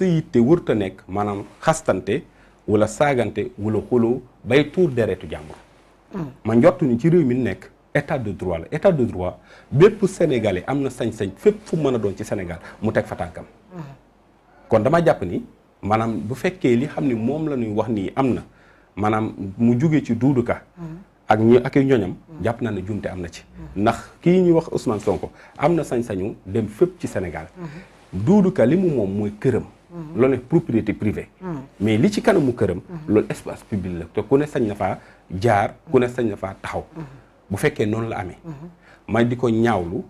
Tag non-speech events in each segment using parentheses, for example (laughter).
sa yitte wërta nekk maanaam xastante wala saagante wulla xuloo bay tuur deretu jàmbur ma njott ni ci réew mi nekk état de droit état de droit bépp sénégalais am na sañ-sañ fépp fu mën a doon ci Sénégal mu teg fa tànkam kon dama jàpp ni maanaam bu fekkee li xam ne moom la ñuy wax nii am na maanaam mu jóge ci Doudou ak ñu ñoñam jàpp naa ne jumte am na ci ndax kii ñuy wax Ousmane Sonko am na sañ-sañu dem fépp ci Sénégal Doudou li mu moom mooy këram lool nekk propriété privée mm. mais li ci kanamu këram mm-hmm. loolu espace public la te ku ne sañ na faa jaar ku ne sañ na faa taxaw mm-hmm. bu fekkee noonu la ame mm-hmm. ma di ko ñaawlu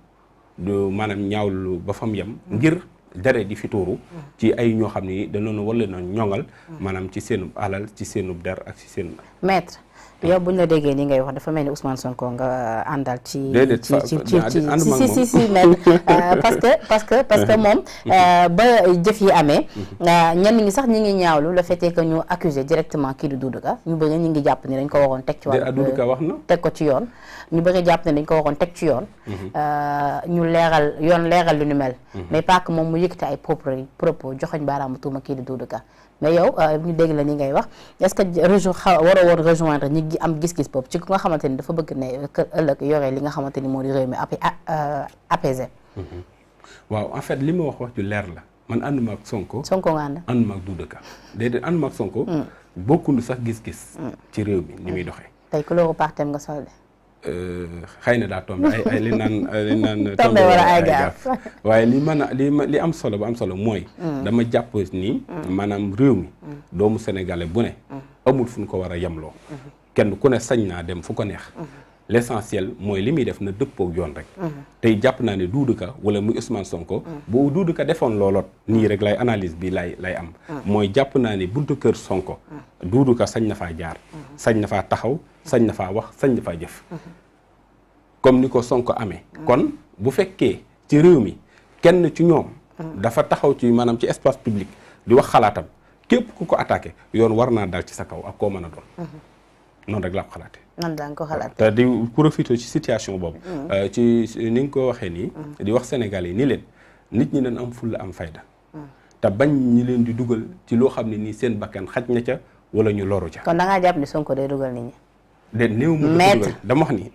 maanaam ñaawlu ba fam yem ngir dare di fi tuuru ci ay ñoo xam ne danoonu wala na ñoŋal maanaam ci seenub alal ci seenub der ak ci seen maître yow buñ la déggee ni ngay wax dafa mel ni Ousmane Sonko nga uh, àndal ci ci ci ci si si parce que parce que parce que moom uh, ba jëf yi amee mm-hmm. uh, ñenn ñi sax ñi ngi ñaawlu le fait que ñu accusé directement kii di Doudou Ka ñu bëgg ñu ngi jàpp ne dañ ko waroon teg ci wàllu ah, Doudou Ka ko ci yoon ñu bëgg jàpp ne ko waroon teg ci yoon mm-hmm. ñu leeral yoon leeral lu ñu mel mm-hmm. mais pas que moom mu yëkk yëkkati ay propos propos joxoñ baaraamu tuuma kii di Doudou Ka mais yow ñu dégg la ni ngay wax est que waroo woon rejoindre ñi am gis-gis boobu ci ku nga xamante dafa bëgg ne ëllëg li nga xamante ni moo di réew mi euh, apaisé mm-hmm. waaw en fait li ma wax wax ju leer la man ànduma ak Sonko Sonko nga ànd ànduma ak Doudou Ka déedéet ànduma ak Sonko mm. bokkuñu sax gis-gis mm. ci réew mi ni muy doxee tey couleur partem nga soldé Euh, xëy na daa tombé ay ay li naan li naan (laughs) tombé ay gaaf waaye li man a li li am solo bu am solo mooy mm. dama jàpp ni mm. maanaam réew mi mm. doomu sénégalais bu ne amul fu ñu ko war a yemloo mm-hmm. kenn ku ne sañ naa dem fu ko neex mm-hmm. l' mooy li muy def na dëppoog yoon rek mhm. tey jàpp naa ne Doudou Ka wala muy Ousmane Sonko mhm. bu Doudou defoon looloot nii rek lay analise bi lay lay am mhm. mooy jàpp naa ne buntu kër Sonko duuduka sañ na faa jaar sañ na faa taxaw sañ na faa wax sañ na faa jëf comme ni ko Sonko amee kon bu fekkee ci réew mi kenn ci ñoom dafa taxaw ci maanaam ci espace publique di wax xalaatam képp ku ko attaqué yoon war naa dal ci sa kaw ak koo mën a doon noonu rek laa ko nan la nga ko xalaat euh, di profité ci situation boobu. Mm. Euh, ci ni nga ko waxee nii. Mm. di wax Sénégalais ni leen nit ñi nañ am fulla am fayda. Mm. te bañ ñi leen di dugal ci loo xam ne nii seen bakkan xaj na ca wala ñu loru ca. kon da ngaa jàpp ni Sonko day dugal nit ñi. de néew mu dugal dama wax ni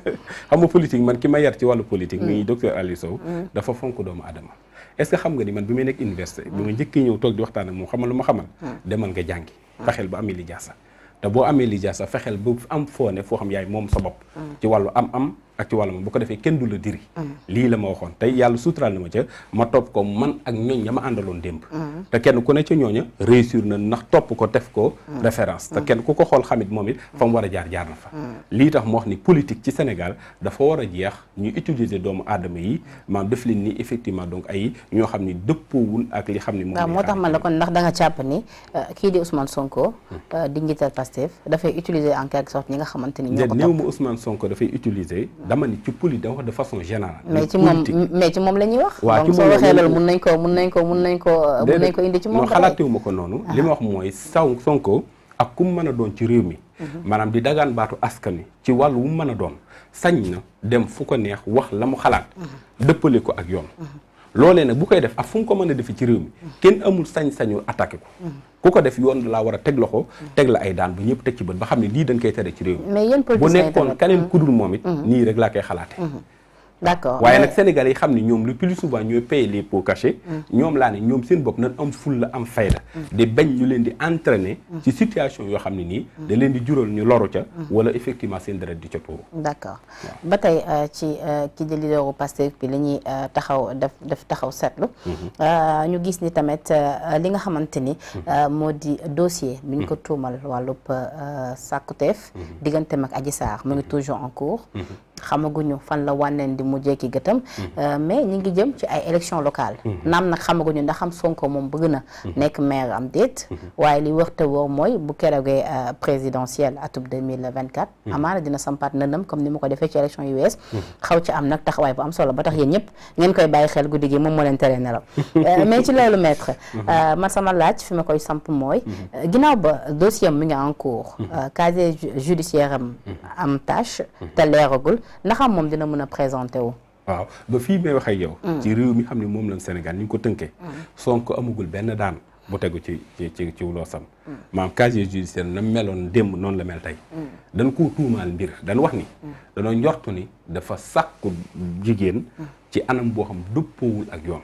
(laughs) xam nga man ki ma yar ci wàllu politique. muy docteur Aliou Sow. dafa fonk doomu aadama. est xam nga ni man bi may nekk université. bi ma njëkkee ñëw toog di waxtaan ak moom xamal lu ma xamal. demal nga jàngi. fexeel ba am li jaasa te boo amee lijaasa fexeel bu am foo foo xam yaay moom sa bopp mm. ci wàllu am am ak ci ko defee kenn du la diri mm. lii la ma waxoon tey yàlla suuturaal na ma topp ko man ak ñooñ ña ma àndaloon démb mm. te kenn ku ne ca ñooña réussir na ndax topp ko def ko mm. référence te kenn ku ko xool xamit moom it fa mu war a jaar jaar na fa lii tax mu wax ni politique ci Sénégal dafa war a jeex ñu utiliser doomu aadama yi maam def leen ni effectivement donc ay ñoo xam ni dëppoowul ak li xam ni moom waaw moo tax man la kon ndax da nga jàpp ni euh, kii di Ousmane Sonko euh, di ni ñoo ko topp néew dama ni ci poli dama wax de façon générale. mais ci moom mais wax. mun nañ ko mun nañ ko mun nañ ko mun nañ ko indi ci moom. xalaatewuma ko noonu. Ah. li ma wax mooy saw Sonko ak ku mu mën a doon ci réew mi. Mhm. maanaam di dagaan baatu aska wi ci wàll wu mën a doon sañ na dem fu ko neex wax la mu xalaat. Mhm. dëppale ko ak yoon. Mhm. loolee nag bu koy def ak fu mu ko mën a defee ci réew mi kenn amul sañ-sañu attaqué ko ku ko def yoon laa war a teg loxo teg la ay daan ba ñëpp teg ci bët ba xam ne lii dañ koy tere ci réew mi bu nekkoon keneen ku moom it mm-hmm. nii rek laa koy xalaate mm-hmm. d'accord waaye nag sénégal yi xam ne ñoom lu plus souvent ñooy payer les pots cachés mm. ñoom laa ne ñoom seen bopp nan am ful la am fayda mm. di bañ ñu leen di entraîner mm. ci situation yoo xam ne nii da leen di jural ñu loru ca wala effectivement seen deret di ca tuuru d'accord ba tey euh, ci euh, ki di leaderu Pastef bi la ñuy euh, taxaw def def taxaw seetlu mm-hmm. ñu gis ni tamit li nga xamante ni mm-hmm. moo di dossier bi ñu ko mm-hmm. tuumal wàllub sàkkuteef diggante mag Adji Sarr mu ngi toujours en cours xamaguñu fan la wànneen di mujjee ki gëtam mm-hmm. euh, mais ñu ngi jëm ci ay élections locales mm-hmm. naam nag xamaguñu ndax am Sonko moom bëgg na mm-hmm. nekk maire am déet waaye li wërte woo mooy bu keroogee euh, présidentielle atub 2024 amaana dina sampaat nëndam comme ni mu ko defee ci élection yu wees xaw ci am nag taxawaay bu am solo ba tax yéen ñëpp ngeen koy bàyyi xel guddi gi moom moo leen tere nelaw (laughs) euh, mais ci loolu metre ma sama laaj fi ma koy samp mooy ginnaaw ba dossier mi ngi en cours casier judiciaire am am te leeragul ndaxam moom dina mën a présenté wu waaw ba fii may wax ak yow mm. ci réew mi xam ne moom lañ Sénégal ni ñu ko tënkee mm. Sonko amagul benn daan bu tegu ci ci ci ci wuloosam mm. maam casier judiciaire na meloon démb noonu la mel tey dañ koo tuumaal mbir dañ wax ni danoo njortu ni dafa sàkku jigéen ci anam boo xam dëppoowul ak yoon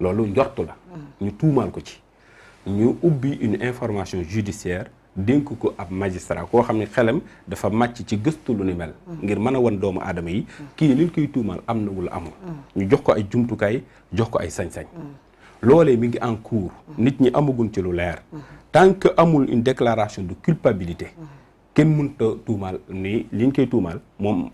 loolu njortu la ñu tuumaal ko ci ñu ubbi une information judiciaire dénk ko ab magistrat koo xam ne xelam dafa màcc ci gëstu lu ni mel ngir mën a wan doomu aadama yi kii liñ koy tuumaal am na wala amul ñu jox ko ay jumtukaay jox ko ay sañ-sañ loolee en cours nit ñi amagun ci lu leer tant que amul une déclaration de culpabilité kenn mënta tuumaal ni liñ koy tuumaal moom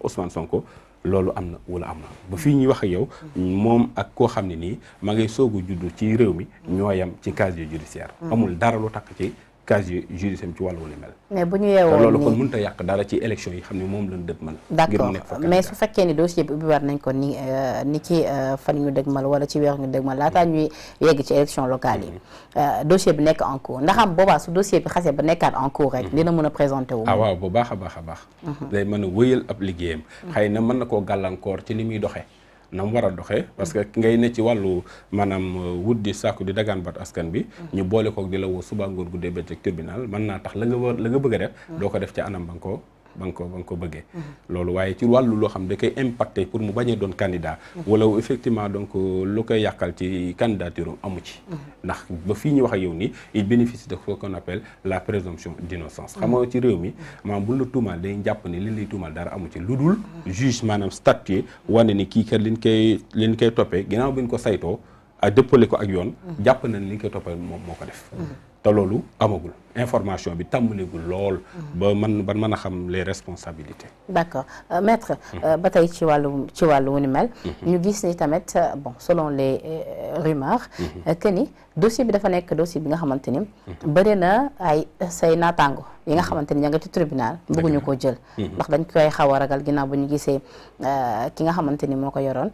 loolu am na wala am ba fii ñuy wax ak yow moom ak koo xam ne nii ma ngay soog a juddu ci réew mi ñoo yam ci casier judiciaire amul dara lu takk ci casier judiciaire ci wàllu li mel. mais bu ñu yeewoon loolu kon mënut a yàq dara ci élection yi xam ne moom lañ dëpp man. d'accord mais su fekkee ni dossier bi ubbiwaat nañ ko ni euh, ni ci euh, fan ñu dëgmal wala ci weer ñu dëgmal laataa ñuy yegg ci élection locale yi mm-hmm. euh, dossier bi nekk en cours boobaa su dossier bi xasee ba nekkaat en cours rek. Mm-hmm. dina mën a présenté wu. Ah, waaw bu baax a baax a baax. Mm-hmm. day mën a wëyal ab liggéeyam. xëy na mën na koo gàllankoor ci ni muy na mu war a doxe parce que ngay ne ci wàllu maanaam euh, wut di sàkku di dagaan bat askan bi mm. ñu boole kook di lawoo woo suba ngoon guddee bëccëg tribunal mën naa tax la nga war la nga bëgg a def mm. doo ko def ci anam ba nga ko ba nga ko ba nga bëggee loolu waaye ci wàllu loo xam da koy impacté pour mu bañee doon candidat wala effectivement donc lu koy yàqal ci candidature amu ci ndax ba fii ñu wax yow nii il bénéficie de ce qu'on appelle la présomption d'innocence xam nga ci réew mi maanaam buñ la tuumaal dañ jàpp ni liñ lay tuumaal dara amu ci lu dul juge maanaam statué wane ni kii kat liñ koy liñ koy toppee ginnaaw bi ñu ko saytoo dëppale ko ak yoon jàpp na ni liñ koy toppee moom moo ko def te loolu amagul information bi tàmbaleegul lool. ba man ba mën a xam les responsabilités. d' accord euh, mhm. euh, ba tey ci wàllu ci wàllu wu ni mel. Mhm. ñu gis ni tamit euh, bon selon les euh, rumeurs. Mhm. que ni dossier bi dafa nekk dossier bi nga xamante ni. bëri na ay say naataango yi nga xamante ni ña nga ci tribunal. bëgguñu koo jël. ndax dañ koy xaw a ragal ginnaaw ba ñu gisee ki nga xamante ni moo ko yoroon.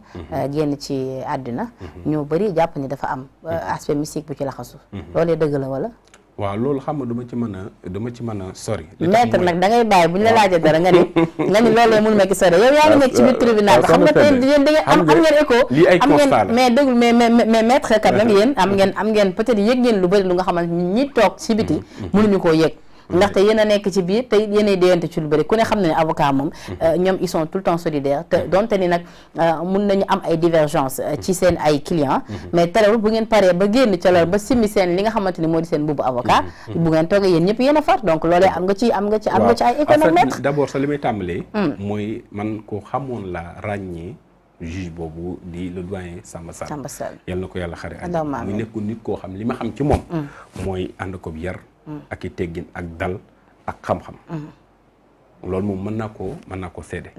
génn ci àddina. ñu bëri jàpp ni dafa am aspect mystique bu ci laxasu. loolee dëgg la wala. waaw loolu xam nga duma ci mën a dama ci mën a sori. maître nag da ngay bàyyi bu ñu la laajee dara nga ne (laughs) nga ne loolu mun ma ki sori yow yaa ngi nekk ci biir tribunal ba xam ngeen am am ngeen écho am ngeen mais déglu mais mais maître yéen am ngeen am ngeen peut-être yëg ngeen lu bëri lu nga xamante ñi toog ci biti mm-hmm. mënuñu koo yëg Mm-hmm. ndaxte yéen a nekk ci biir te yéen a déyante ci lu bëri ku ne xam na ne avocat moom mm-hmm. euh, ñoom ils sont tout temps solidaires te mm-hmm. donte ni nag euh, mun nañu am ay divergence euh, ci seen ay clients mais terewul bu ngeen paree ba génn ca loolu ba simmi seen li nga xamante ni moo di seen bubu avocat bu ngeen toogee yéen ñëpp yéen a far donc loolee am nga ci am nga ci am nga ci ay économètre d'abord sa li may tàmbalee mm. mooy man ko xamoon la ràññee juge boobu di le doyen Samba Sall Samba Sall yal na ko yàlla xare ak nekk nit koo xam li ma xam ci moom mm. mooy ànd ko yar ak i teggin ak dal ak xam-xam loolu moom mën naa koo mën naa koo seede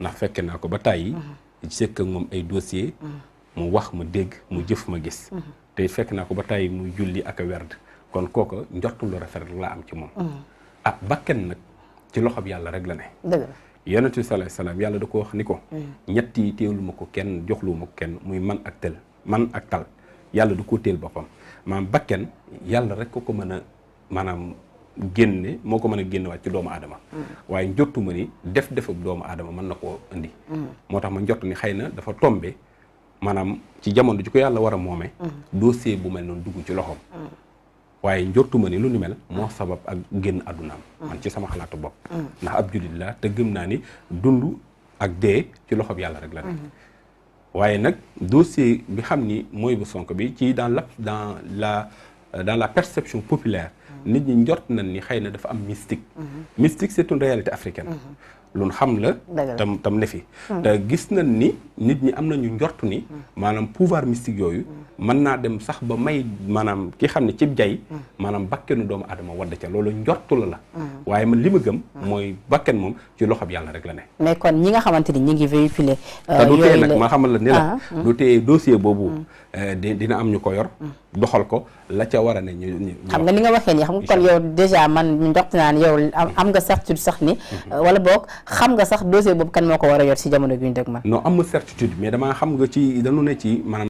ndax fekke naa ko ba tàyyi mm-hmm. sekk ak moom ay dossier mm-hmm. mu wax ma dégg mu jëf ma gis mm-hmm. te fekk naa ko ba tàyyi muy julli ak a werd kon kooka njortu lu laa am ci moom ah bakken nag ci loxob yàlla rek la ne yonent bi salaay salaam yàlla du ko wax ni ko ñett yi ma ko kenn joxlu ma ko kenn muy man ak tel man ak tal yàlla du ko téel boppam maanaam bakken yàlla rek ko ko maanaam génne moo ko mën a génne waat ci doomu aadama waaye njottu ma ni def defab doomu aadama mën na koo indi moo tax ma njott ni xëy na dafa tombe maanaam ci jamono ji ko yàlla war a moome dossier bu mel noonu dugg ci loxoom waaye njortuma ni lu ni mel moo sabab ak génn àddunaam man ci sama xalaatu bopp ndax ab jullit la te gëm naa ni dund ak dee ci loxob yàlla rek la nekk waaye nag dossier bi xam ni mooy bu sonk bi ci dans la dans la dans la perception populaire nit ñi njort nañ ni xëy na dafa am mystique. Mhm. mystique c'est une réalité africaine. Mhm. lu xam la. tam tam ne fi. gis nañ ni nit ñi am nañu njortu ni. maanaam pouvoir mystique yooyu. mën naa dem sax ba may maanaam ki xam ne cib jay. maanaam bakkenu doomu aadama wadd ca loolu njortu la la. Mm. waaye man li ma gëm. Mm. mooy bakken moom ci loxob yàlla rek la ne. kon ñi nga xamante ni ñi ngi véhiculer. Euh, yooyu tee nag ma xamal la ni la. Ah, mm. du tee dossier boobu. Euh, dina am ñu ko yor. doxal ko la ca war a ne ñu xam nga ni nga waxee nii xam nga kon yow dèjà man njort naa ne yow am nga certitude sax ni mm-hmm. euh, wala boog. xam nga sax dossier boobu kan moo ko war a yor si jamono bi ñu dëgmal. non am certitude mais damaa xam nga ci dañu ne ci maanaam.